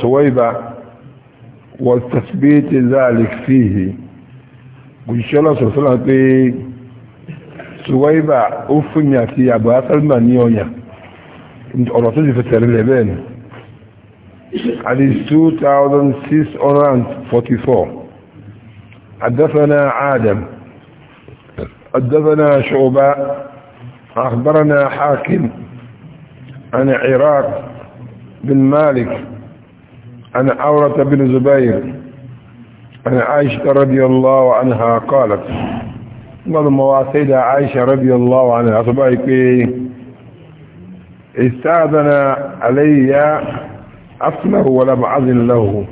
سويبة والتثبيت ذلك فيه قل شاء الله صلى الله عليه وسلم سويبة أفنى في أبو سلمان كنت انت أرطيجي في الترلبين حديث 2644 حدثنا عادم حدثنا شعبة أخبرنا حاكم عن عراق بن مالك عن عورة بن زبير عن عائشة رضي الله عنها قالت قال مواسيدة عائشة رضي الله عنها أصبعك استاذن علي أصله ولم أذن له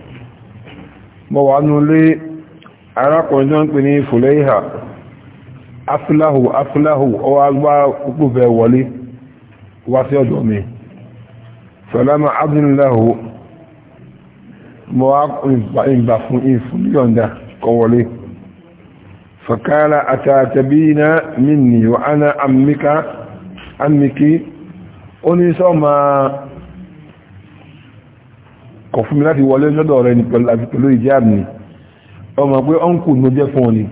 موعن لي أراك ونجنقني فليها أصله أصله أو أصبع أكبر ولي واسيد أمي فلم أذن له mo wá ìgbà fún ìfúnlíọ̀ndà kọwọlé fàkàlà àtàtàbíná minni wa ana amika amiki ó ní sọ ma kọ̀ fún mi láti wọlé lọ́dọ̀ rẹ̀ ní pẹ̀lú ìjáàbì ni ọmọ pé ọ́nkù ló jẹ́ fún ọ ni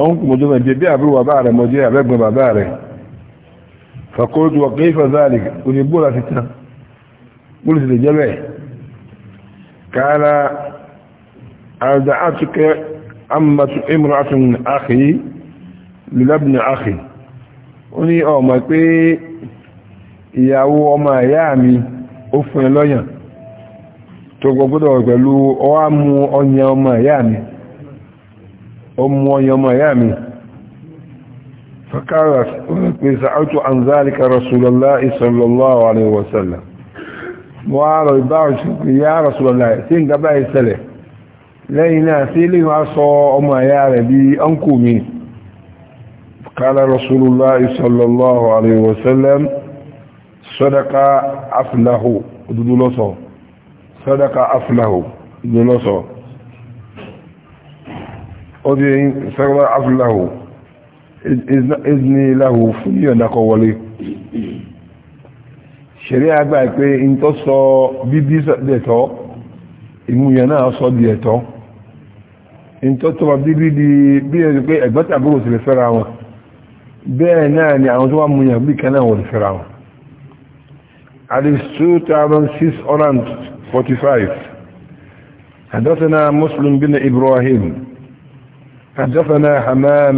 ọ́nkù mọ́jọ́ mẹ́jẹ́ bí قال أدعتك أمة امرأة أخي لابن أخي وني أوما بي ìyàwó ọmọ ìyá mi ó fún ẹ lọ́yàn tó gbogbo pẹ̀lú ọwá mú ọyàn ọmọ ìyá mi ó mú ọyàn ọmọ ìyá mi فقال pèsè àtò àǹzáríkà rasulallah sallallahu alaihi wasallam wọ́n ìbá ìyá rọ̀sùlọ̀lá tí ń gaba ìṣẹ̀lẹ̀ lẹ́yìn náà sí ilé wá sọ ọmọ àyá rẹ̀ bí ọkù mi kala rọ̀sùlọ̀lá sallallahu alaihi wasallam sadaqa aflahu dúdúlọ́sọ sadaqa aflahu dúdúlọ́sọ ó di sadaqa aflahu izni lahu fún yíò dákọ̀ ṣeré agbá pé n tó sọ bíbí dẹ̀tọ́ ìmúyẹ náà sọ di ẹ̀tọ́ n tó tọ́ bíbí di bí ẹni pé ẹ̀gbọ́n tàbí kò sì lè fẹ́ra wọn bẹ́ẹ̀ náà ni àwọn tó wà múyàn bí kan náà wọ́n lè fẹ́ra wọn. حدثنا مسلم بن إبراهيم حدثنا حمام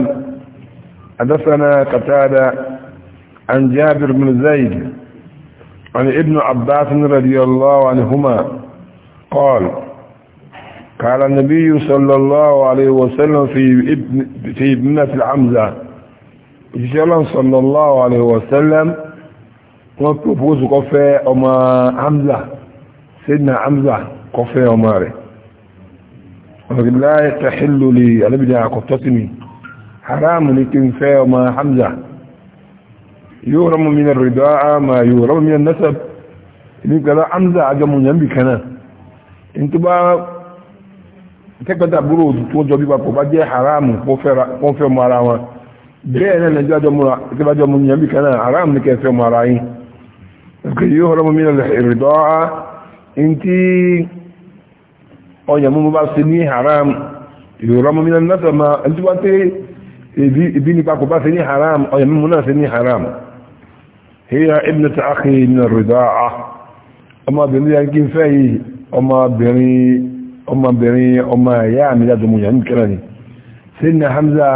حدثنا قتادة عن جابر بن زيد عن ابن عباس رضي الله عنهما قال قال النبي صلى الله عليه وسلم في ابن في ابنة العمزة صلى الله عليه وسلم وبروبوز كوفي أما عمزة سيدنا عمزة كوفي وماري ولكن لا تحل لي أنا بدي أقطتني حرام لكن في أما حمزة يورم من الرداء ما يورم من النسب إذن قال حمزة عجم ينبي كان انت بقى kẹ́kọ̀ọ́dà búrò tó jọ bí papọ̀ bá jẹ́ haramu wọ́n fẹ́ mọ ara wọn bẹ́ẹ̀ náà lẹ́jọ́ àjọ múra tí bá jọ mú yẹn bí kan náà haramu ní kẹ́ fẹ́ mọ ara yín ẹ̀kọ́ yìí ọ̀rọ̀ mú mi lọ ìrìdọ́ á ń tí ọyàn mú bá ṣe ní haramu ìrọ̀rọ̀ mú mi lọ lọ́sọ̀ máa ń tí wá tẹ́ ìbí ní papọ̀ bá ṣe ní haramu ọyàn mú هي ابنة أخي من الرضاعة أما بني يمكن فيه أما بني أما بني أما يا ميلاد مو يمكنني سيدنا حمزة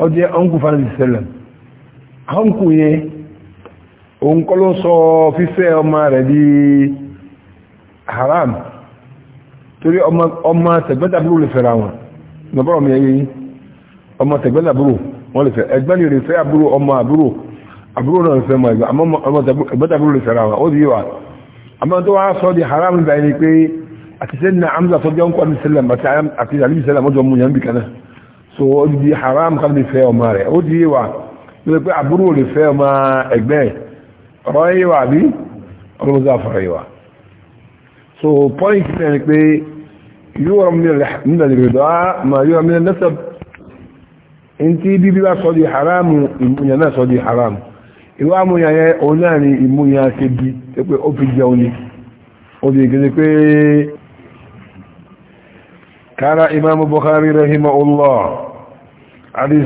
أودي أنكو فانا السلام أنكو يه أنكو لو صو في فيه أما ردي حرام، torí أما أما تبدأ fẹ́ra wọn nọ̀bọ́rọ̀ mi أما تبدأ ọmọ tẹ̀gbẹ́dàbúrò wọ́n lè fẹ́ ẹgbẹ́ lè fẹ́ àbúrò àbúrò náà fẹ́ mọ̀ ẹ̀gbọ́n àmọ́tàbúrò lè fẹ́ra wọn ó di wà àmọ́ tó wá sọ di haram báyìí ni pé àti sẹ́ni na amza tó jẹun kwan sẹ́lẹ̀m àti àlíbi sẹ́lẹ̀m ọjọ́ mu yẹn bì kaná so ó di haram kan lè fẹ́ ọmọ rẹ̀ ó di wà lórí pé àbúrò lè fẹ́ ọmọ ẹ̀gbẹ́ ọ̀rọ̀ yìí wà bí ọlọ́mọ tó àfọ̀rọ̀ yìí wà so point náà ni pé yóò rọ mílẹ̀ lè rẹ̀dọ́ mà yóò rọ mílẹ̀ lẹ́sẹ̀ ntí bíbí haram ìmúyàn náà sọ haram ìwà amúyà yẹn òun náà ni ìmúyà ṣe bí pé ó fi jẹun ni ó fi gẹ́gẹ́ pé kára imam Bukhari rahimahullah àti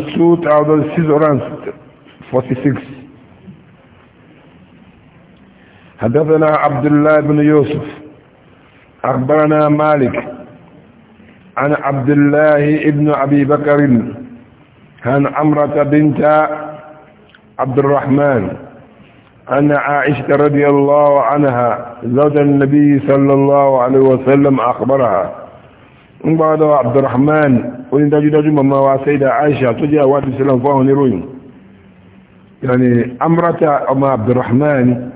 2646 حدثنا عبد الله بن يوسف أخبرنا مالك عن عبد الله بن أبي بكر عن عبد الرحمن أن عائشة رضي الله عنها زوج النبي صلى الله عليه وسلم أخبرها بعد عبد الرحمن وإن تجد داجو مما وسيدة عائشة تجد أواد السلام فهو نروي يعني أمرة أم عبد الرحمن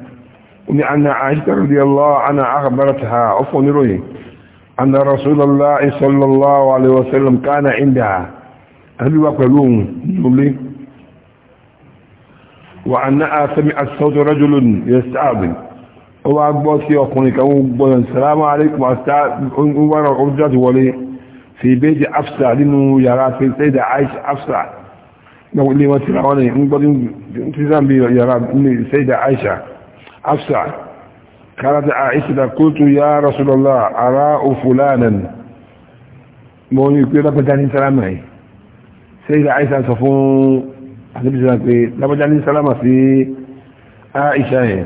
أن عائشة رضي الله عنها أخبرتها أفو نروي أن رسول الله صلى الله عليه وسلم كان عندها هل يقول لي وأنها سمعت الصوت رجل يستعبن وأقبل سيقونك أقبل السلام عليكم وأرى عرجات ولي في بيت أفسع لأنه يرى في السيدة عائشة أفسع نقول لي ما تلعوني أقبل انتظام يرى السيدة عايشة أفسع قالت عائشة قلت يا رسول الله أراء فلانا مو يقول لك بداني سلامي سيدة عايشة صفون àníbi sọ́nà pé lábọ́já ní sálámà sí Aisha yẹn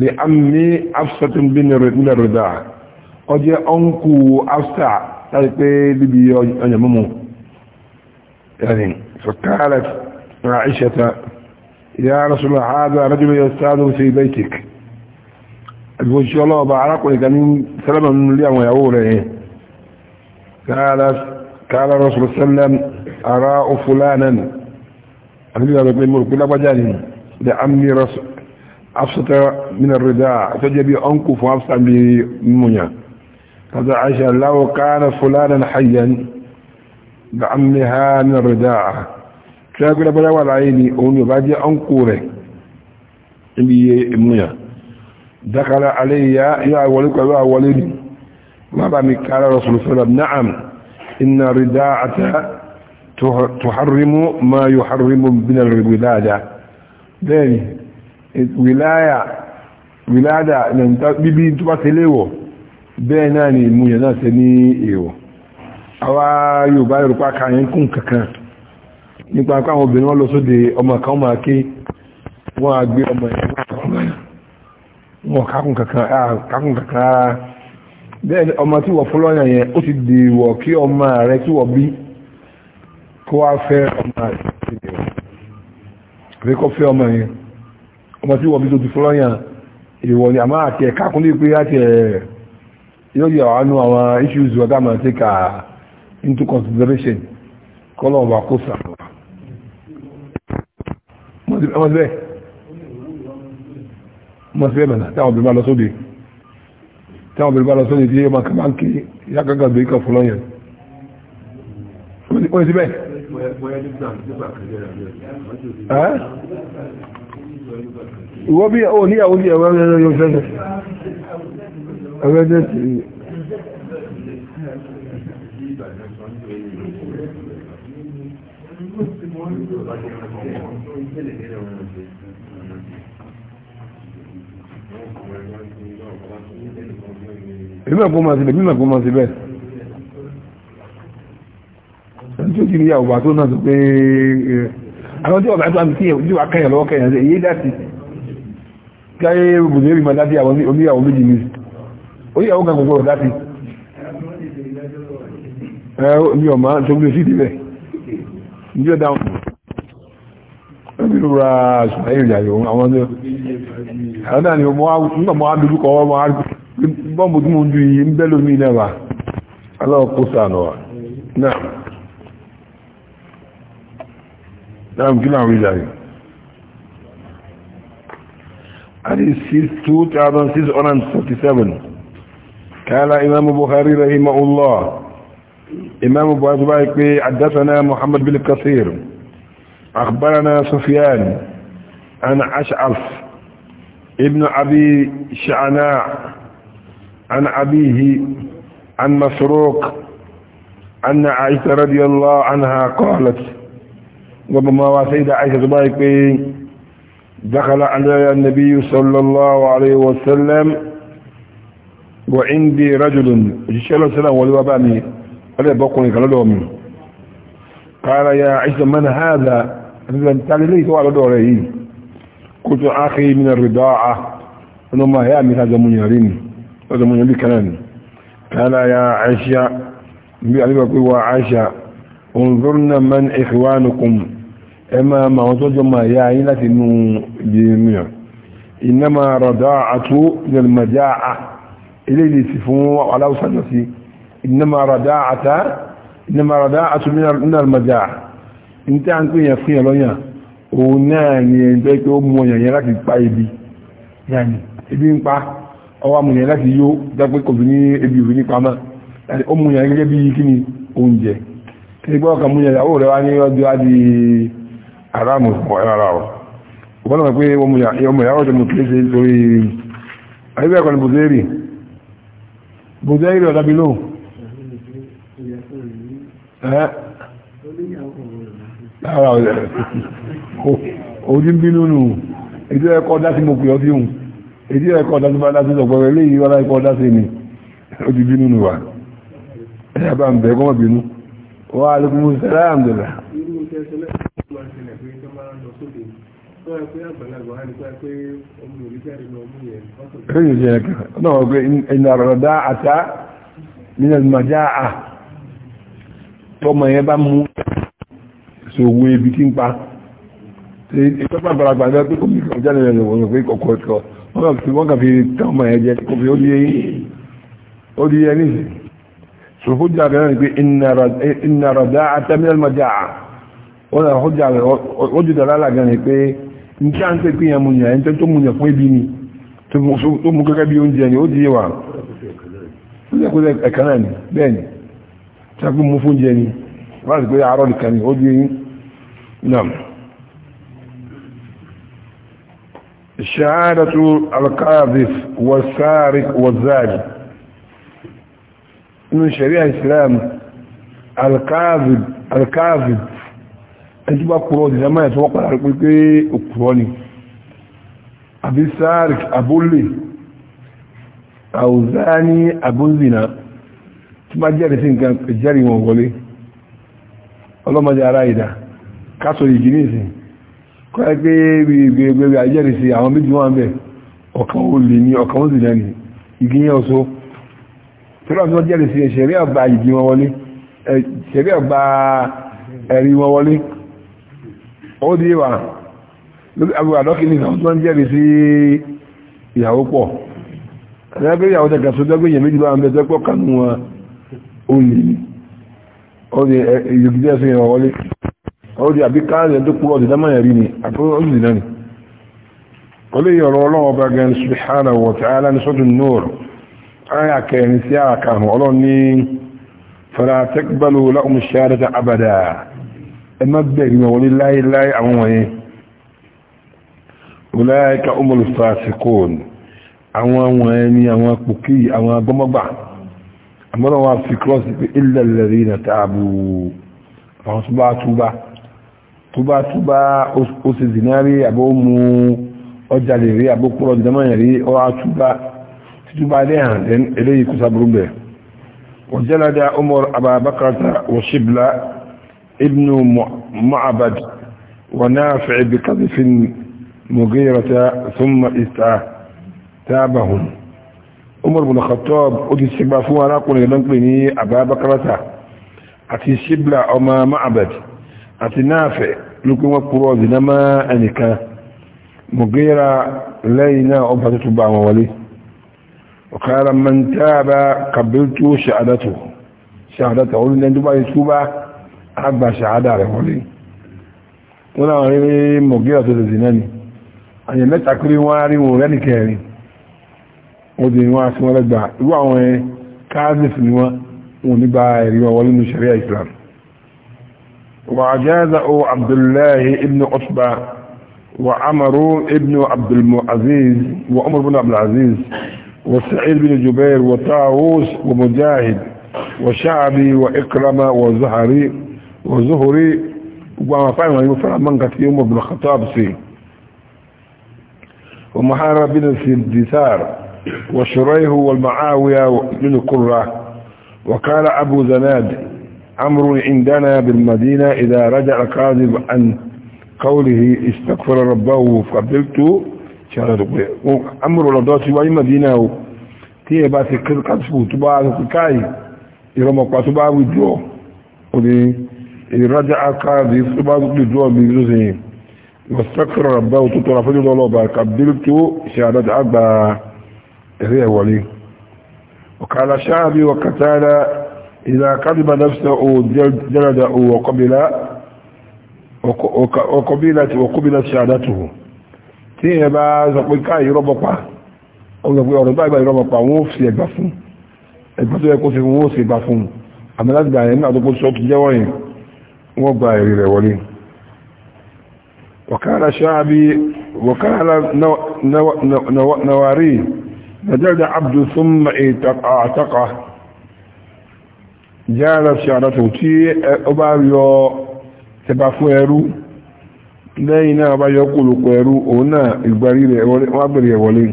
lè amí afsatun bí nílẹ̀ rọ̀dá ọjẹ́ ọ́nkù afsa láti pé níbi ọjà mọ́mọ́ yàrin fọ̀kálẹ̀ Aisha ya rasul hada rajul yastadu fi baytik ìbòjì ọlọ́ọ̀bá arákùnrin kan ní sálámà nílé àwọn ìyàwó rẹ̀ yẹn قال أراء فلانا النبي الله لك ملك لا بجاني لعمي رسول أفسط من الرداء تجبي أنكف وأفسط بمنيا قد عائشة لو كان فلانا حيا لعمها من الرداء تقول بلا ولا عيني أون يبادي أنكوره منيا دخل علي يا يا ولك يا ولدي ما بعمل قال رسول الله نعم إن رداءة تحرم ما يحرم من الولادة ذلك ولاية ولادة بيبي تبا سليو بيناني مجانا سني ايو awa Yorùbá Yorùbá kàyẹn kún kankan nípa pé àwọn obìnrin wọ́n lọ sóde ọmọ kan máa ké wọ́n á gbé ọmọ ẹ̀ wọ́n kákùn kankan kákùn kankan bẹ́ẹ̀ ọmọ tí wọ́n fọ́lọ́yàn yẹn ó ti dèwọ̀ kí ọmọ rẹ̀ tí wọ́n bí kó wá fẹ́ ọmọ rẹ̀ pé kó fẹ́ ọmọ yẹn ọmọ tí wọ́n bí tó ti fọ́lọ́yàn ìwọ̀ ni àmọ́ àti ẹ̀ka kúnlé pé láti ẹ̀ yóò yẹ àánú àwọn issues wọ́n dáàmà tí kà into consideration kọ́lọ̀ wà kó sàrọ̀ ọmọ síbẹ̀ ọmọ síbẹ̀ mẹ́ta táwọn obìnrin bá lọ sóde táwọn obìnrin bá lọ sóde tí ọmọ kan máa ń kí yá gángan gbé kọ̀ fọ́lọ́yàn ọmọ síbẹ̀ ìwọ bí o ní àwọn ìyàwó ẹ̀rọ yóò fẹ́lẹ̀ ẹ̀rẹ́dẹ́ sí ìmẹ̀kùn máa sí bẹ̀ tí ó ti rí àwùbá tó náà tó pé eh, àwọn tí ọ̀bá tó àmì kíyàn ojú lọ́wọ́ kẹyàn sí èyí láti káyé bùnú rí ma láti àwọn oníyàwó méjì ní oníyàwó kan kòkòrò láti ní ọmọ tó gbé bọ́m̀bù tí mo ń ju ń náà نعم جمع ولاية علي السيس تو تعبان سيس أوران ستسابن قال إمام بخاري رحمه الله إمام بخاري عدتنا محمد بن كثير أخبرنا سفيان عن أشعف ابن أبي شعناع عن أبيه عن مسروق أن عائشة رضي الله عنها قالت وبما وسيد عائشة بايك دخل عليها النبي صلى الله عليه وسلم وعندي رجل جشاله السلام ولو أباني عليه بقوني قال يا عيسى من هذا لم تعلي ليه سوال قلت أخي من الرضاعة أنه ما يأمي هذا من يرين هذا من يرين كان قال يا عيسى انظرنا من إخوانكم إما ما وتجمع يا عيلة جميع إنما رداعة للمجاعة إليه سفون ولو سنسي إنما رداعة إنما رداعة من المجاعة إنت عنكم يفقي لنا وناني إنتك أمو يعني لك بايبي يعني ibi ń pa ọwọ́ amúnyẹ̀ láti yóò dápé kò fi ní ebi òfin ní pamá ọmọ yẹn gẹ́gẹ́ bí kí ni oúnjẹ igbọ́ ọkà múyẹ̀ ìyàwó rẹ̀ wá ní ọjọ́ àdí aráàmù ọ̀rẹ́ra ọ̀ wọ́n náà pé ọmọ ìyàwó tó mú kí ṣe lórí ayébẹ̀ ẹ̀kọ́ ni bùzẹ́rì bùzẹ́rì ọ̀dábí ló ojú ń bínú nù èdè ẹ̀kọ́ dá sí mo pè ọ́ sí hùn èdè ẹ̀kọ́ dá sí bá dá sí sọ̀pọ̀ eléyìí wọ́n láìpọ̀ dá sí mi ó ti bínú nù wà ẹ̀yà bá ń bẹ̀ kọ́mọ̀ bínú wà alùpùpù sẹ́lá àmdùlá. irú iṣẹ́ sẹ́lẹ̀ tó máa ń ṣẹlẹ̀ pé tó máa ń lọ sóde tó yẹ pé àgbàlagbà á ní pé pé omi ò ní jáde lọ mú yẹn. kí ni ìṣẹ̀lẹ̀ kan náà wọ́n pé ìnàrọ̀ dá àtá nínú ìmọ̀já à tọmọ yẹn bá mú ṣòwò ebi tí ń pa ìtọ́pá àgbàlagbà ní pé omi kan jáde lọ wọ́n pé kọ̀kọ̀ ọ̀tọ̀ wọ́n kàn fi tọmọ yẹn jẹ kó ó di ẹni ìsìn سوفوجا كان يقول إن رد إن رداعة من المجاعة ولا حجة وجد لا لا كان يقول إن كان تقول يا منيا أنت تمنيا فوي بيني تمسو تمك كبيون جاني ودي وان ولا كذا كلامي بيني تقول مفون جاني راس يقول عرض كان ودي نعم الشهادة القاذف والسارق والزاجد inú ṣẹ̀ríà islam alkavid ẹni tó bá kúrò ọdún ìdámáyà tó wọ́pàá rẹ̀ pé òkúrọ́ ni àbí sáàrì abúlé àwùzáni abúzìnà tí má jẹ́rì sí nǹkan jẹ́rì wọn wọlé ọlọ́mọdé ara ìdá kásọ̀ ìjì ní ìsìn kọ́ ẹ pé gbẹgbẹgbẹ àjẹ́rì sí àwọn méjì wọn tọ́lọ́ tí wọ́n jẹ́rìí sí ṣẹ̀rí ọgbà ìdí wọn wọlé ṣẹ̀rí ọgbà ẹ̀rí wọn wọlé ó dí wà lórí àwọn àdọ́kìnrin náà tí wọ́n jẹ́rìí sí ìyàwó pọ̀ ẹgbẹ́ ìyàwó tẹ̀kà sódọ́gbé yẹ̀mí jù bá ń bẹ́ẹ̀ pọ̀ ni àpérò ó sì náà ni ó lè yọ̀rọ̀ ọlọ́wọ́ bá gan subhanahu wa ta'ala ni sọ́tún nóòrùn aya kẹrin sí ara karùn ọlọ́run ní fara tẹ́gbàlú láwọn ṣáàdẹ́ta abada ẹ má bẹ̀rẹ̀ wọn wọlé láíláí àwọn wọ̀nyí ọláyíká umaru fasikon àwọn àwọn ẹni àwọn pòkí àwọn agbọ́mọ́gbà àmọ́lọ́wọ́ fi kírọ́sì pé ilẹ̀ lẹ́rí na tààbù àwọn túbá túbá túbá túbá ó sì zinari àbó mú ọjà lè rí àbó kúrọ̀ jẹ́mọ́ تتوبا عليها لأن إليه كسبر به وجلد عمر أبا بكرة وشبلة ابن معبد ونافع بقذف مغيرة ثم استعتابهم عمر بن الخطاب أدي السبع فوانا قل لنقلني أبا بكرة أتي شبلة أما معبد أتي نافع لكم وقروز لما أنك مغيرة لينا أبهتت بعم وليه وقال من تاب قبلت شهادته شهادته قلت لأن دبا يسوبة أبا شهادة رفولي ولا غير مغيرة الزناني أن لا تكري واري ولاني كاري ودين واس ولا دبا وعوه كاذف نوا ونبا يريوا ولن شريع إسلام وعجازه عبد الله ابن عصبة وعمر ابن عبد المعزيز وعمر بن عبد العزيز وسعيد بن جبير وطاووس ومجاهد وشعبي وإكرمة وزهري وزهري وما فعلنا يفعل من قتل يوم بن الخطاب سي ومحارة بن الدثار وشريه والمعاوية من القرى وقال أبو زناد أمر عندنا بالمدينة إذا رجع كاذب عن قوله استغفر ربه فقبلته tí a lọ́dọ̀ pé wọ́n amúrò lọ́dọ̀ tí wáyé Madina o tí ẹ bá ti kásìkò tó bá ti káyì ìrọmọpá tó bá wí jọ òní ìrajà akáàdì tó bá wí jọ mi ló sì yìn wọ́sítẹ́kọ̀rọ̀ bá tó tọrọ fún ìlú ọlọ́ba kàbílì tó ṣe àdájọ́ àgbà ẹ̀rí ẹ̀wọ̀lé ọ̀kàlà ṣáàbí wọ̀kàtàlá إذا كذب نفسه جلده وقبل وقبلت وقبلت شهادته tí ẹ bá sọ pé káàyè rọ́bọ̀pá wọ́n sọ pé ọ̀rọ̀ báyìí báyìí rọ́bọ̀pá wọ́n ó fi ẹgbà fún ẹgbà tó yẹ kó fi wọ́n ó sì gbà fún àmì láti gbà yẹn nígbà tó kó sọ jẹ́wọ́ yẹn wọ́n gba èrè rẹ̀ wọlé وكان شعبي وكان نواري نجد عبد ثم اعتقه جالت شعرته تي أباريو تبافو يرو lẹ́yìn náà bá yọ kúrò pẹ̀lú òun náà ìgbàrí rẹ̀ wágbèrè ẹ̀wọ̀lé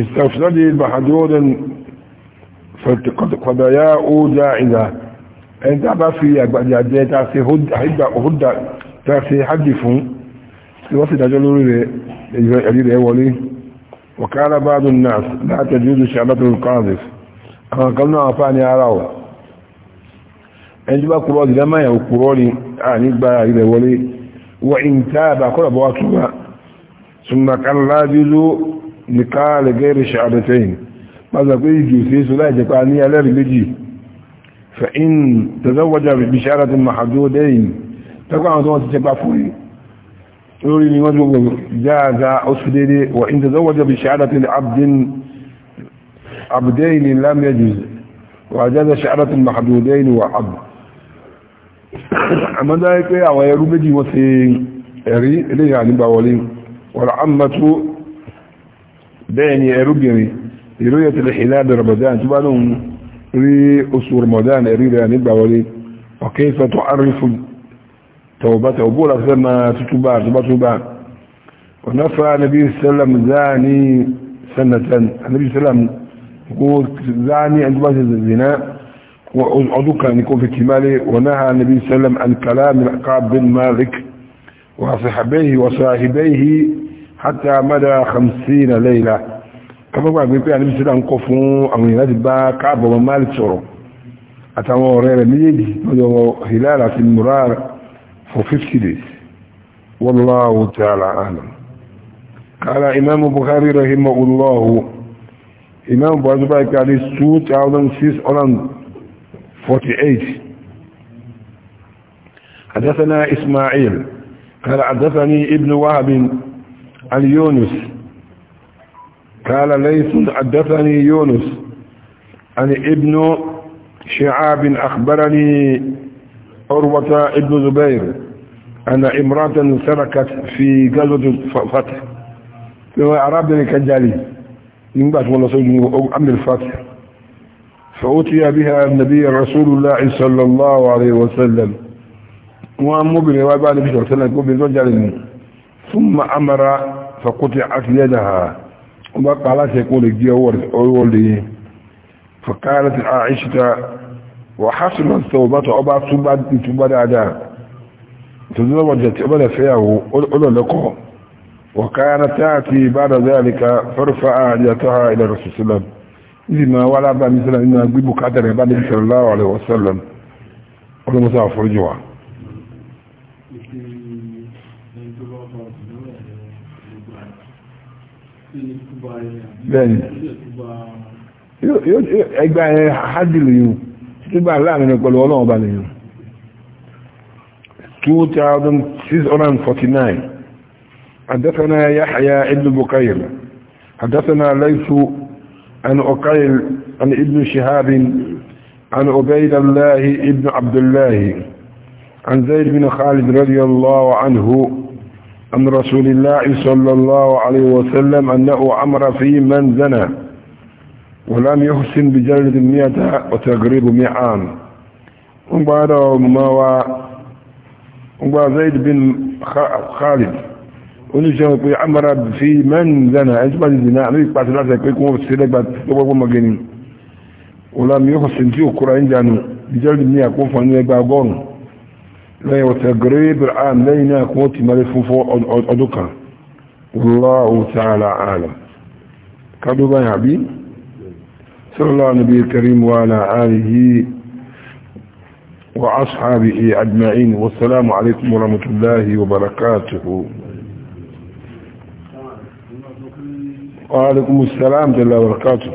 ìsàfisọ́dé bàhàdúródẹ̀n fẹ̀tẹ̀kọ̀dọ̀yá ó ìdá ẹni bá fi àgbàjàjẹ́ tá hajji fún tí wọ́n sì dájọ́ lórí rẹ̀ ẹ̀rí rẹ̀ wọlé náà وإن تاب كل بواتوبا ثم قال لا يجوز نقال غير شهادتين ماذا قل في لا قانية لا رجلي فإن تزوج بشهادة محدودين تقول أنا تقول تجبع فوري يقول لي وجه جاز أسفدي وإن تزوج بشهادة عبد عبدين لم يجوز وجاز شهادة محدودين وعبد àmọ́dá pé àwọn ẹrú méjì wọ́n ti ẹ̀rí eléyà nígbà wọlé wọ̀rọ̀ àmàtú bẹ́ẹ̀ ni ẹrúbìnrin ìlú yẹ tẹ̀lé ìlàdà ramadan tí wọ́n lóun rí oṣù ramadan ẹ̀rí rẹ̀ nígbà wọlé ọ̀kẹ́ ìfẹ́ tó àrífù tọ̀wọ̀bátà òbó làfẹ́ máa tútúbà túbátúbà ọ̀nà fara nabi sallam وعضوك أن يكون في كماله ونهى النبي صلى الله عليه وسلم عن كلام العقاب بن مالك وصحبيه وصاحبيه حتى مدى خمسين ليلة كما قال النبي صلى الله عليه وسلم قفوا أو ينادبا كعب مالك سورو أتوا ورير ميدي هلالة المرار for 50 days والله تعالى أعلم قال إمام بخاري رحمه الله إمام بخاري رحمه الله 2600 48 حدثنا إسماعيل قال حدثني ابن وهب عن يونس قال ليس حدثني يونس عن ابن شعاب أخبرني عروة ابن زبير أن امرأة سركت في غزوة فتح في عرب كجالي من بعد ولا سجن أمر الفتح فأتي بها النبي رسول الله صلى الله عليه وسلم وأمر بها النبي صلى الله عليه وسلم ثم أمر فقطعت يدها وقالت يقول لي فقالت عائشة وحسن الثوبة أبا ثوبات تبعد عدا تزوجت أبدا فيه أولا لكم وكانت تأتي بعد ذلك فرفع يدها إلى الرسول صلى الله عليه وسلم ìdí máa wá lábá mi sọ́lá nínú agbébù kátàrẹ̀ bá níbi sallallahu alaihi wasallam ọlọ́mọsá àforíjì wa bẹ́ẹ̀ni ẹgbà ẹ̀ hádìlì yìí tí bá láàrin pẹ̀lú ọlọ́run bá nìyàn 2649 حدثنا يحيى ابن بكير حدثنا ليث عن أقيل عن ابن شهاب عن عبيد الله ابن عبد الله عن زيد بن خالد رضي الله عنه عن رسول الله صلى الله عليه وسلم أنه أمر في من زنى ولم يحسن بجلد مئة وتقريب مئان وبعد ما و... زيد بن خالد oníṣẹ́ wọn pé amara fi mẹ́rin zana ẹni tí bá ti zina àmì ìpàtí láti ẹ̀pẹ́ kí wọ́n fi sílẹ̀ gbà lọ́gbọ́gbọ́ magani olam yóò sì tí òkúra ń jánu ìjọ́lì ní àkó fún ní ẹgbà ọgọ́rùn lẹ́yìn ọ̀tẹ̀ gẹ́rẹ́bẹ̀rẹ̀ وعليكم السلام ورحمة الله وبركاته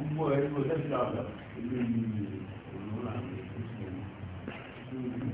Gbogbo ẹgbẹ́ ọjọ́ ìjọba ìlú ìlú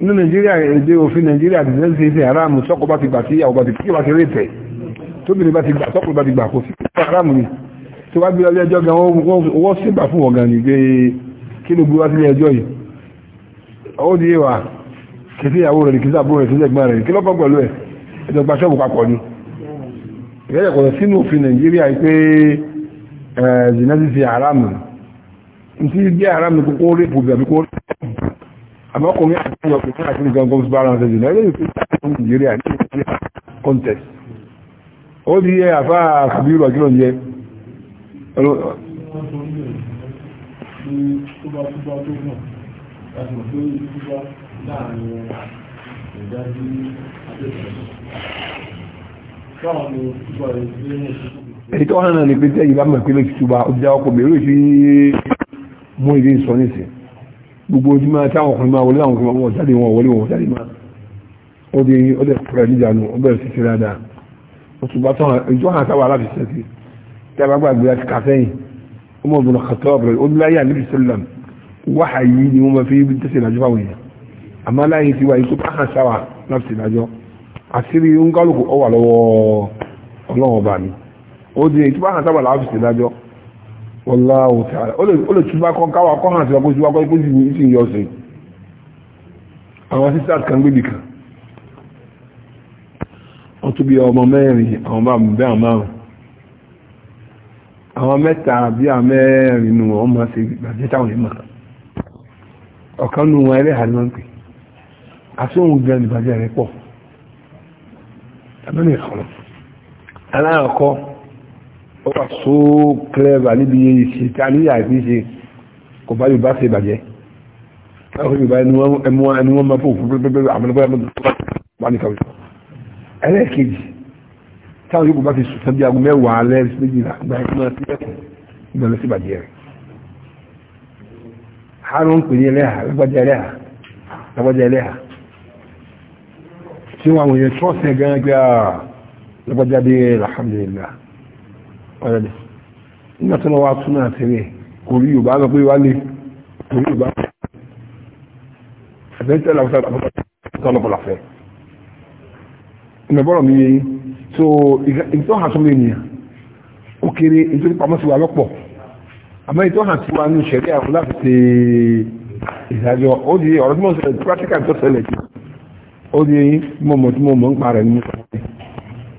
ní Nàìjíríà èdè òfin Nàìjíríà ti tẹ́sí ṣe sọ́kọ̀ bá ti gbà sí àwọn bàtí kíkẹ́ bá ti rètẹ̀ tóbìnrin bá ti gbà sọ́kọ̀ bá ti gbà kò sí haramu ni tí wá gbé ọlé ẹjọ́ gan wọ́n sígbà fún ọ̀gá ní pé kí ló gbé wá sílé ẹjọ́ yìí ó di ìwà kìí ìyàwó rẹ̀ kìí àbúrò rẹ̀ kìí ẹ̀gbọ́n rẹ̀ kí lọ́kàn pẹ̀lú ẹ̀ ẹjọ́ gba ṣọ́ọ̀bù papọ̀ ni ìrẹ́lẹ̀ kọ̀ọ̀sọ̀ sínú òfin àmọ́kùnrin àti ọkùnrin àti ní gangan bá ara ọ̀sẹ̀jù náà lẹ́yìn fún Nàìjíríà ní Nàìjíríà contest ó di yẹ àfá àkùbírò kí ló ń yẹ èyí tó wọ́n náà ní pé tẹ́yìn bá mọ̀ pé lókìtúbà ó jẹ́ ọkọ̀ mẹ́rin sí mú ìdí ìsọ nísìnyí gbogbo ojú máa táwọn ọkùnrin máa wọlé àwọn ọkùnrin wọn jáde wọn wọlé wọn jáde máa ó di ó dẹ̀ fúra jíjànú ó bẹ̀rẹ̀ sísè dáadáa ó tún bá tán ìjọ hàn táwọn aláàbí sẹ́sì tí a bá gbàgbé láti kà sẹ́yìn ó mọ̀ bùnà kàtọ́ ọ̀bẹ̀rẹ̀ ó láyé àníbi sẹ́lẹ̀m wáhà yìí ni wọ́n máa fi tẹ̀sẹ̀ ìdájọ́ fáwọn èèyàn àmọ́ láyé ti wá yìí tó bá hàn sáwà láti ìdájọ́ àṣírí ń kálukú ọ wà lọ́wọ́ ọlọ́wọ́ bá mi ó di èyí tó bá hàn sáwà láti ìdájọ́ Wallahu ta'ala ó lè túbá kan káwà kọ́ hàn sí ọkọ̀ ìṣúwá kọ́ ìpín sí ìsìn yọ sí àwọn sisters kan gbébì kan wọ́n tó bí ọmọ mẹ́rin àwọn bá bẹ́ àmárùn àwọn mẹ́ta bí àmẹ́rin nù wọ́n máa ṣe gbàjẹ́ táwọn ìmọ̀ ọ̀kan nù wọn ẹlẹ́hà ní wọ́n pè àsóhun gan ní ìbàjẹ́ rẹ̀ pọ̀ tàbí ní ìkọlọ̀ aláàkọ́ ó wà so clever níbi ìṣètà níyà àti ìṣe kò bá yorùbá ṣe bàjẹ́ káwọn yorùbá ẹni wọ́n máa fò fún pẹ́pẹ́pẹ́ àmọ́lẹ́gbẹ́ wà ní kàwé ẹlẹ́ẹ̀kejì táwọn yòókù bá ti sùn sábí aago mẹ́wàá alẹ́ méjìlá gba ẹ̀kọ́ náà sí ẹ̀kọ́ ìgbàlẹ́ sí bàjẹ́ rẹ̀ hánú ń pè ní ẹlẹ́hà lágbájá ẹlẹ́hà lágbájá ẹlẹ́hà tí wọn àwọn èèyàn trọ́ọ̀sì ẹ̀ gan-an ah, gbé ọ̀rẹ́dẹ̀ nígbà tí wọ́n wá tún náà tẹ̀lé kò rí yorùbá lọ pé wálé kò rí yorùbá àtẹ̀tẹ̀ làwọn sábà tọ́ lọ́pọ̀ làfẹ́ ìmọ̀bọ̀rọ̀ mi yẹn so ìtọ́ hàn sọ́mọ ènìyàn ó kéré nítorí pamọ́ sí wa lọ́pọ̀ àmọ́ ìtọ́ hàn sí wa ní ìṣẹ̀lẹ̀ àwọn láti ṣe ìdájọ́ ó di ọ̀rọ̀ tí mo sọ practical tó ṣẹlẹ̀ jù ó di mọ̀mọ̀ tí mo mọ̀ ń parẹ́ ní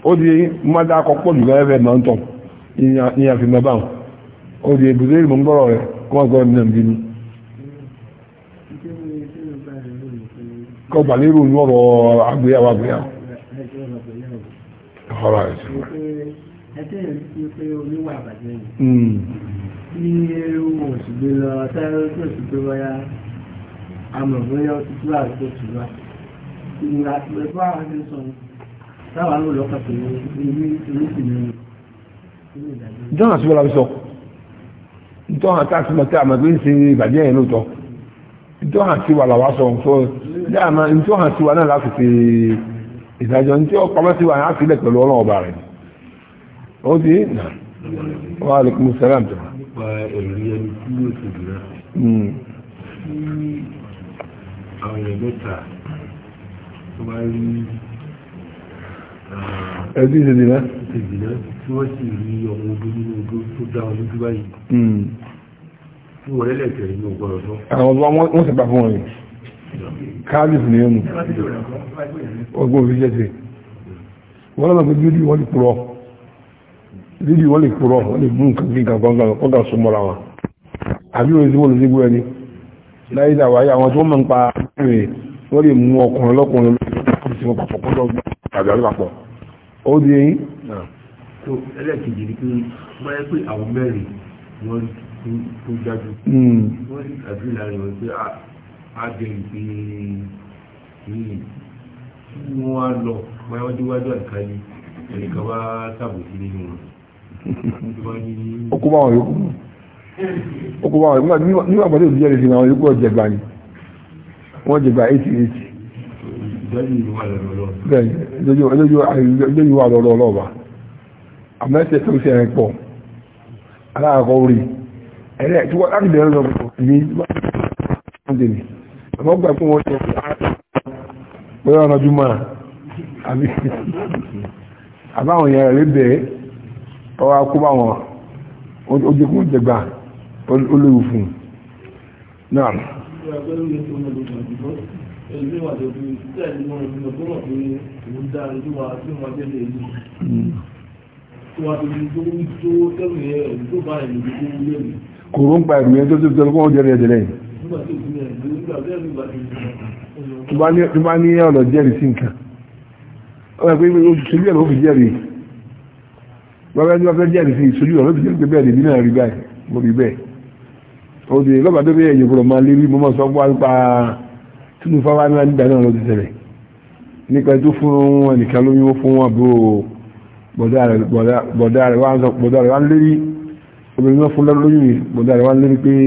ó di mọ́dá akọ́pọ̀ jù lọ́wọ́ ẹ̀fẹ̀ ní àfi mọ́ báwọn ó di ibùdó ìmọ̀ ń bọ̀rọ̀ kó wọ́n gbọ́dọ̀ nínú ìbínú. kọ́ gbàlérò ní ọ̀rọ̀ àgbéyàwó àgbéyàwó. ọ̀rọ̀ àìsàn. ẹgbẹ́ yẹn ti pé oníwà àbàjẹ́ yìí hmm. ní ohun òṣìgbè lọ sáré tó sì tó wáyà àmọ̀ bóyá ó ti tó àdúgbò tù wá ìrìnàjò ẹgbẹ́ àwọn ti sọ táwọn arúgbó lọ́kàn tó ní orí ìsinmi john asubala sọ ìtọ́ hàn tá a ti mọ̀ tí a mọ̀ pé ń ṣe ìbàjẹ́ yẹn lóòótọ́ ìtọ́ hàn tí wà làwà sọ sọ dáàmà ìtọ́ hàn tí wà náà láti ṣe ìdájọ́ ní tí ó pamọ́ sí wà á sílẹ̀ pẹ̀lú ọlọ́run ọba rẹ̀ ó ti nà wà á lè kún sẹ́lám tó. àwọn èèyàn mẹ́ta tó bá rí ẹbí ṣe dìná. tí wọ́n sì rí ọmọ ogun nínú ogun tó dá wọn lójú báyìí. tí hmm. wọ́n lẹ́lẹ̀ tẹ̀lé ní ọgbọ́n ọ̀dọ́. àwọn ọba wọn sì bá fún wọn yìí káàlìfù ni ẹnu ọgbọ́n òfin jẹ́sẹ̀ wọ́n lọ́nà pé bídí wọ́n lè purọ́ bídí wọ́n lè purọ́ wọ́n lè bú nǹkan kí nǹkan kan ọ̀gá súnmọ́ra wọn àbí òye tí wọ́n lè sí gbọ́ ẹni láyé ìdàwọ̀ ayé àwọn tí wọ́n máa ń pa ẹ̀rẹ̀ wọ́n lè mú ọkùnrin lọ́kùnrin lọ́kùnrin tí wọ́n pàpọ̀ kọ́ńdọ̀ gbà tàbí àlùpàpọ̀ ó di eyín. tó ẹlẹ́kejì ni pé wọ́n yẹ pé àwọn mẹ́rin wọ́n tó jáde hmm. wọ́n ní àbí láàrin wọn pé á ah, jẹ́ ìpè yìí tí wọ́n á lọ báyọ̀ wọ́n déwájú àǹkà ni ẹnìkan bá ṣàbòsí nínú wọn. ó kó bá wọn yòókù ó kó bá wọn yòókù nígbà pàtó ìdíjẹ́ rẹ̀ sí àwọn yòókù ọ̀jẹ̀gbà ni wọ́n jẹ̀gbà eighty eighty lójú wà lọ́rọ̀ ọlọ́ọ̀bá àmẹ́sẹ̀ tó ṣe ẹ̀ pọ̀ aláàkọ́ orí ẹ̀rẹ́ tí wọ́n láti bẹ̀rẹ̀ lọ pọ̀ ní wọ́n ọmọ gbà fún wọn ṣe bóyá ọ̀nà júmọ́ àbí àbáwọn èèyàn rẹ̀ bẹ̀ẹ́ ọwọ́ akúbáwọn ojúkún jẹgbà olóòfin náà èmi wà tó fi tẹ́ ẹ̀ nínú ìlú tó mọ̀ pé òun dá ojú wa tí mo máa tẹ́lẹ̀ ìlú tó wà tó fi tó ń tó tẹ́lẹ̀ ẹ̀ òun tó bá ìlú tó ń lé mi. kò ló ń pa ìlú yẹn tó tó tẹ́lẹ̀ kó ń jẹ́rìí ẹ̀jẹ̀ tó bá ní ọ̀nà jẹ́rìí sí nǹkan ọ̀rẹ́ pé ìṣòlú ẹ̀ ló fi jẹ́rìí bàbá ẹni wọ́n fẹ́ jẹ́rìí sí ìṣòlú ẹ̀ ló fi jẹ́rìí pé bẹ́ẹ̀ lèmi náà rí báyìí mo rí bẹ́ẹ̀ òde lọ́bàá tó bẹ́ẹ̀ yẹ̀yẹ̀ gbọ́dọ̀ máa lérí mo máa sọ fún wa nípa tínú fáwọn náà nígbà náà ló ti ṣẹlẹ̀ nípa tó fún wọn nìkan lóyún ó fún wọn bó bọ̀dá rẹ̀ bọ̀dá rẹ̀ wá ń lérí obìnrin náà fún lọ́lọ́yún bọ̀dá rẹ̀ wá ń lérí liri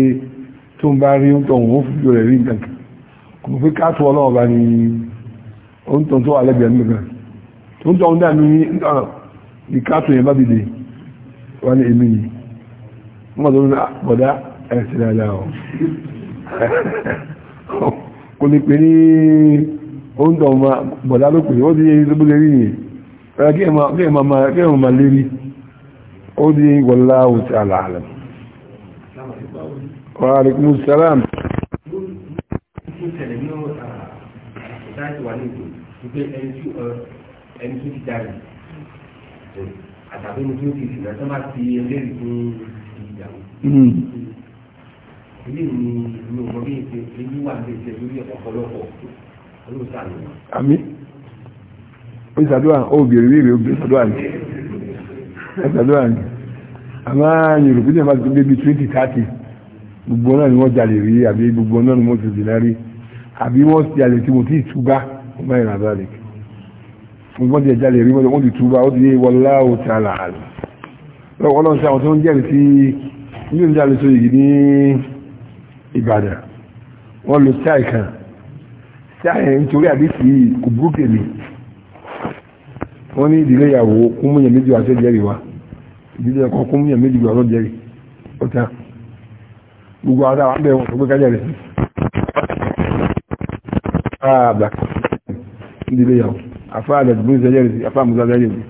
tó ń bá rí ń tọ̀ wọ́n fún rẹ̀ rí nǹkan kò fi káàtó ọlọ́ọ̀bá ni ó ń tọ̀ tó wà lẹ́gbẹ̀ẹ́ nìkan tó ń tọ̀ ń dà ní ìkáàtó yẹn bá dìde wá ní èmi yìí wọ́n tó ń ah, bọ̀dá ẹ̀sìn dáadáa ọ̀ kò ní pè ní oúnjẹ ọmọ bọ̀dá ló pè ó di ìdúgbòlè rí yìí kí ẹ̀mọ̀ ma lérí ó di wọlá òtí àlàálẹ̀ wàhálẹ̀kùn sàlám ẹni tó ti dáre tó ti ti ẹlẹ́rìí fún ìyàwó ilé mi mi ò mọ bí ìṣe èyí wà ní ìṣe lórí ọ̀pọ̀lọpọ̀ olóòtú àná. àmì ó ṣàdúrà ó bèrè bèrè ó bèrè ṣàdúrà ní ẹ ṣàdúrà ní àmọ́ yorùbá ní ìfàsí bíi twenty thirty gbogbo náà ni wọ́n jalè rí àbí gbogbo náà ni wọ́n ti dìnnà rí àbí wọ́n jalè tí mo ti túbá ọmọ ìrìnàjò àlè wọ́n ti jalè rí wọ́n ti túbá ó ti yé wọlá òtí àlà àlè lọ́wọ́ ọlọ́run sí àwọn tó ń jẹ́rìí sí ilé ìjàlè sóyè ní ìbàdàn wọ́n lo sáì kan sáì nítorí àdísì kò burúkú èmi wọ́n ní ìdílé ìyàwó kúnmúyàn méjì wá sí jẹ́rìí wa ìdílé ẹ̀kọ́ kúnmúyàn méjì wá lọ́ọ́ jẹ́rìí ó tán gbogbo àwọn àwọn abẹ́ wọn tó gbé kájà rẹ̀ sí. ààbà ìdílé ìyàwó afá àdàdùn ìṣẹ́jẹ́ rẹ̀ sí afá àmúzá jẹ́rìí rẹ̀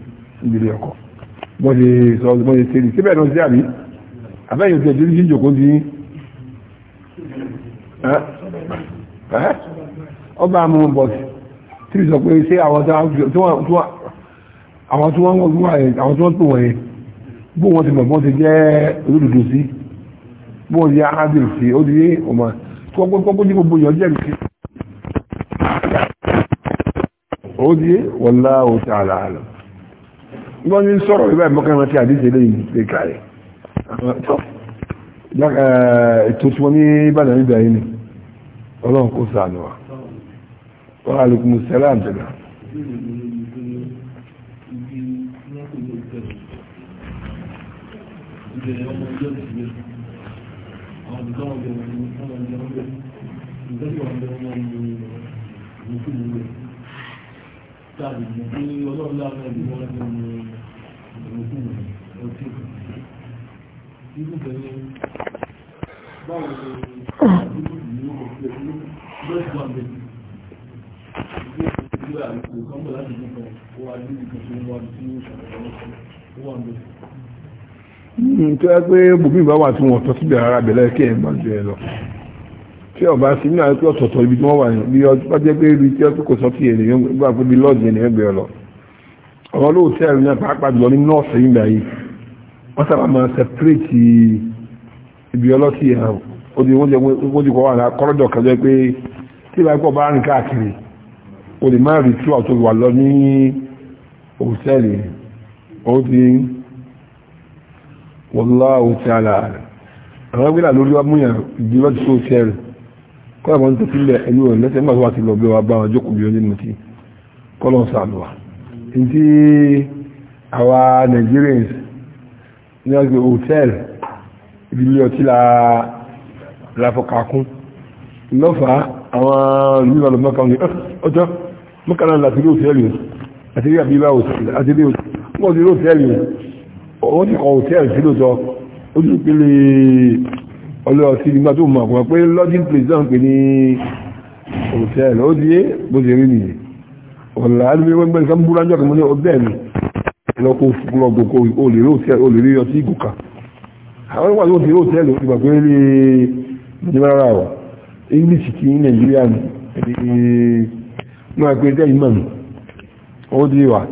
ìdílé ọkọ̀ wọ́n ti sọ wọ́n ti ṣe síbẹ̀ náà sí àbí àbẹ́yìn òṣèlú ìjòkó ti ọba àmọ́ bọ̀tí tí sọ pé ṣé àwọn tí wọ́n tó wọ̀nyẹ bó wọ́n ti mọ̀ ti jẹ́ olódodo sí bó wọ́n ti ádìrì sí ó di ọmọ tí ní gbogbo yọ jẹ́rì sí ó di wallahu ta'ala alam wọ́n ní sọ̀rọ̀ ìbá ìmọ́kànlá tí ọlọ́run kó sàánù wa wọ́n alùkùnmù sẹ́lá àjẹ́gà Báwo ni wà bẹ́ẹ̀ ìgbé ìgbé àlùkò kan bọ̀ hmm, tó pé bùbí ìbá wà tí wọn síbi ara lọ tí ọba sí ní ọ̀tọ̀ọ̀tọ̀ ibi tí wọ́n wà ní bá jẹ́ pé ibi tí kò sọ ọ tí ìwà ipò bá rìn káàkiri o lè má rí tú àtò wà lọ ní òtẹ́ẹ̀lì ó ti wọ́lá òtẹ́ ara rẹ̀ àwọn gbéra lórí amúyà ìdílọ́ ti tó tẹ́ rẹ̀ kọ́lá mọ́ tó sílẹ̀ ẹni òun lẹ́sẹ̀ nígbà tó wà ti lọ bí wa bá wọn jókòó bí nínú ti kọ́lọ̀ sàlùwà ntí àwa Nigerians ní ọgbẹ̀ òtẹ́ẹ̀lì ìdílé ọtí la fọkàkún lọ́fàá àwọn ìlúra lọ mọ́kàn ní ọjọ́ mọ́kànlá láti rí òtẹ́ẹ̀lì àti rí àbílá òtẹ́ẹ̀lì wọ́n ti kọ̀ òtẹ́ẹ̀lì sí lóòtọ́ ó ti pèlè ọlọ́ọ̀sí nígbà tó mọ̀ àkùnrin pé lodging place náà pè ní òtẹ́ẹ̀lì ó di é bó ṣe rí nìyẹn ọ̀là alúgbẹ́gbẹ́ kan búra jọ́ kan mọ́ ní ọbẹ̀ mi lọ́kọ́ fúlọ́gbọ̀kọ́ olèrí ọtí ìgùnkà àwọn ìwà tó ti rí òtẹ́ẹ̀lì ó ti gbà pé ní ìjọba rárá wà english ti ní nàìjíríà náà pé jẹ́ imam ó dé wà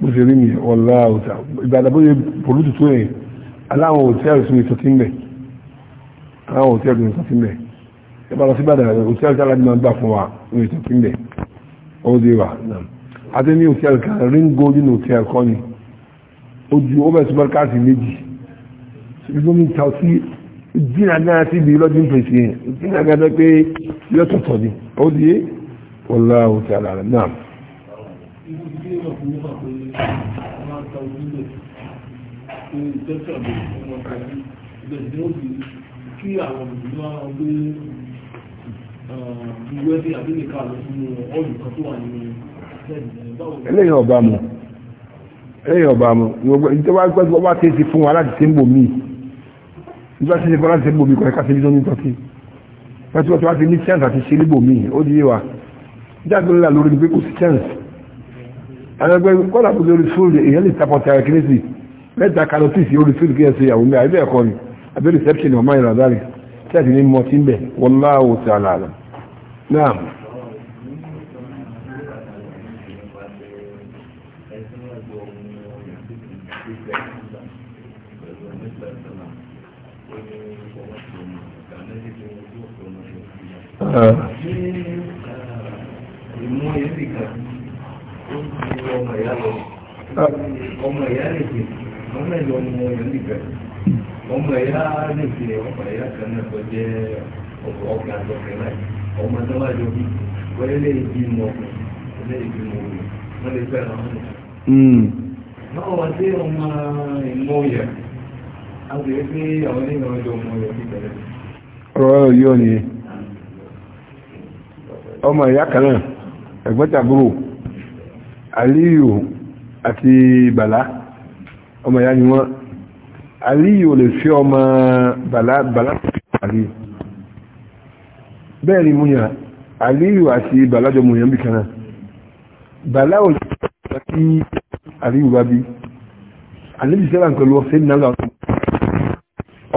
bó ṣe rí mi ọ̀la ọ̀tà ìgbàdàbó yẹ pòlútù tó rẹ̀ aláwọn hòtẹ́ẹ̀lì sí ìsọtí ń bẹ̀ aláwọn hòtẹ́ẹ̀lì sí ìsọtí ń bẹ̀ ẹ bá lọ sí ìbàdàn hòtẹ́ẹ̀lì tí aláàbí máa gbà fún wa ní ìsọtí ń bẹ̀ ó dé wà adé ní hòtẹ́ẹ̀lì kan ringo nínú hòtẹ́ẹ̀lì kan ni ojú ó bẹ̀ súnmọ́ káàsì méjì ṣùgbọ́n mi ta sí jìnnà náà ti di lọ́dún pèsè yẹn jìnnà náà tó pé yọ́tọ̀tọ̀ ni ó di é wọlá òtí ara rẹ̀ náà. kí àwọn òbí máa ń gbé eléyìn ọba mu eléyìn ọba mu ìjọba gbẹ́sọ̀ wá tẹ́sí fún wa láti tẹ́ḿbò míì nígbà tí ìfọ́lá ti bòmí kọ̀ ẹ̀ka sí ibi tó ní tọ́kì wọ́n ti wọ́n ti wá ti ní chance àti ṣe níbòmí ó di yé wa jáde ńlá lórí ni pé kò sí chance àwọn ẹgbẹ́ kọ́lá kò lórí fúlù èèyàn lè tapọ̀tà kérésì mẹ́ta kalotis lórí fúlù kí ẹ ṣe ìyàwó mi àbí ẹ̀kọ́ ni àbí reception ọmọ ìrànlọ́rẹ̀ tí a ti ní mọtí ń bẹ̀ wallahu ta'ala náà ìmú ọmọ ìyá lọ ọmọ ọmọ ìyá kan náà tó jẹ́ ọkùnrin àtọkùnrin náà ọmọ tó bí wọ́n lè bí mọ ọkùnrin lè bí mọ ọkùnrin wọ́n lè fẹ́ ra ọmọ náà wọ́n ti ọmọ ìmọ̀ yẹn a sì rí pé àwọn ènìyàn ọjọ́ ọmọ yẹn ti tẹ̀lé. ọ̀rọ̀ yóò ní ọmọ ìyá kan náà ẹ̀gbọ́ntàbúrò aliyu àti bala ọmọ ìyá ni wọ́n aliyu lè fi ọmọ bala bala aliyu bẹ́ẹ̀ ni múyàn aliyu àti bala jọ múyàn bí kan náà bala ò lè fi ọmọ aliyu bá bí aliyu sẹ́lá nǹkan lọ sí nàlọ́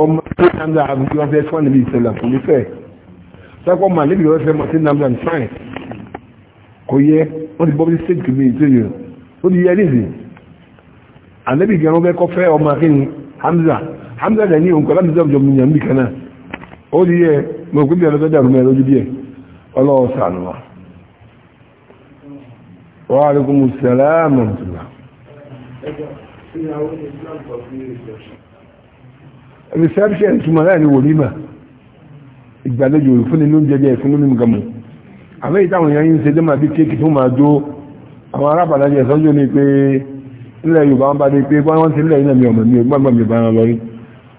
ọmọ tó nàlọ́ àbúkí wọ́n fẹ́ fún àlejò ìṣẹ̀lẹ̀ kò ní fẹ́ẹ̀ sẹ́kọ̀ máa lébi lọ́wọ́ sẹ́mọ̀ sí nàmdà ní fáìn kò yẹ wọ́n ti bọ́ sí stage kìíní tó yẹ ó di yẹ nísì àlébi gẹ̀rọ bẹ́ kọ́ fẹ́ ọmọ akínní Hamza Hamza dẹ̀ ní òǹkọ́ láti sọ́jọ́ mi yàn mí kan náà ó di yẹ mo kú bí ọlọ́dọ̀ dàrú mẹ́rin lójú díẹ̀ ọlọ́wọ́ sànù wa. wa alaikum salaam mọ̀tòlá. reception ìtumọ̀ láì ní wòlímà. ìgbàlejò fún inú jẹjẹ fún inú gamu àwọn èyí táwọn èèyàn ń ṣe bí kéèkì tó máa jó àwọn arábàdà sọ́jọ́ ní pé ilẹ̀ yorùbá ń bá dé pé wọ́n ti ilẹ̀ ìlẹ̀mí ọmọ mi gbọ́n mi bá lọ rí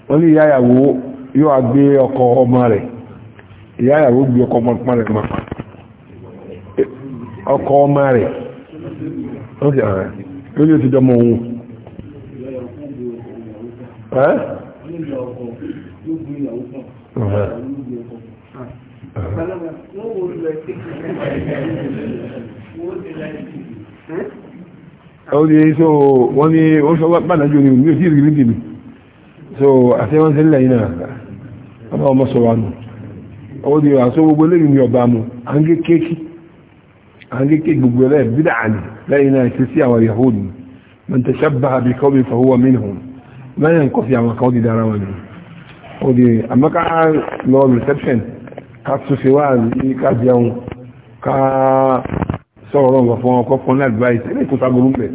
wọ́n ní ìyáyàwó yóò àgbé ọkọ ọmọ rẹ̀ ìyáyàwó gbé ọmọ rẹ̀ Àgbàlagbà wọ́n wo lọ sí ó di so wọ́n ní ó sọ wá pàdájú ní ìlú ìdí ìrìlì so àti wọ́n ti ń lẹ́yìn náà ọmọ ọmọ sọ wà nù ó di àṣọ gbogbo lẹ́yìn ní ọba mu à ń gé kéèkì à ń gé kéèkì gbogbo rẹ̀ bídà àlè lẹ́yìn náà ṣe sí àwọn yahood man tashabbaha bi qawmin fahuwa minhum lẹ́yìn kọfí àwọn kan dára wọn ni ó di lọ reception ká túnṣe wá ní ká jẹun ká sọ̀rọ̀ ọ̀gbọ̀n fún ọkọ̀ fún advice ẹ̀lẹ́ kò sáàgbọ̀n bẹ̀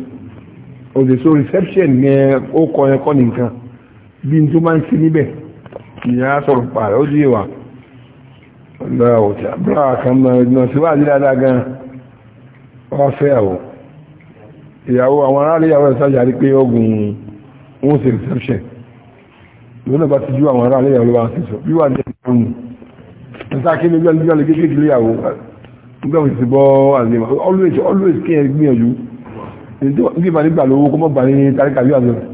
òdè so reception yẹn ó kọ ẹkọ́ nìkan bí n tó máa ń sí níbẹ̀ ìyá sọ̀rọ̀ pa ó dí ìwà ọ̀dọ̀ bra kan náà sí wáàdí dáadáa gan wọ́n fẹ́ àwọ̀ ìyàwó àwọn aráàlú ìyàwó ẹ̀ sájà rí pé ọgùn wọn ṣe reception lónà bá ti ju àwọn aráàlú ìyàwó wa ṣe sọ bí wàá jẹ́ ìpamọ́ ta kí ni bí alẹ́ alẹ́ kékeré kílé àwọn nígbà wọn ti bọ́ àzìmọ̀ always always kí ẹ gbìyànjú nígbà nígbà lówó kó mọ́ bà ní tàríkà bí àzìmọ̀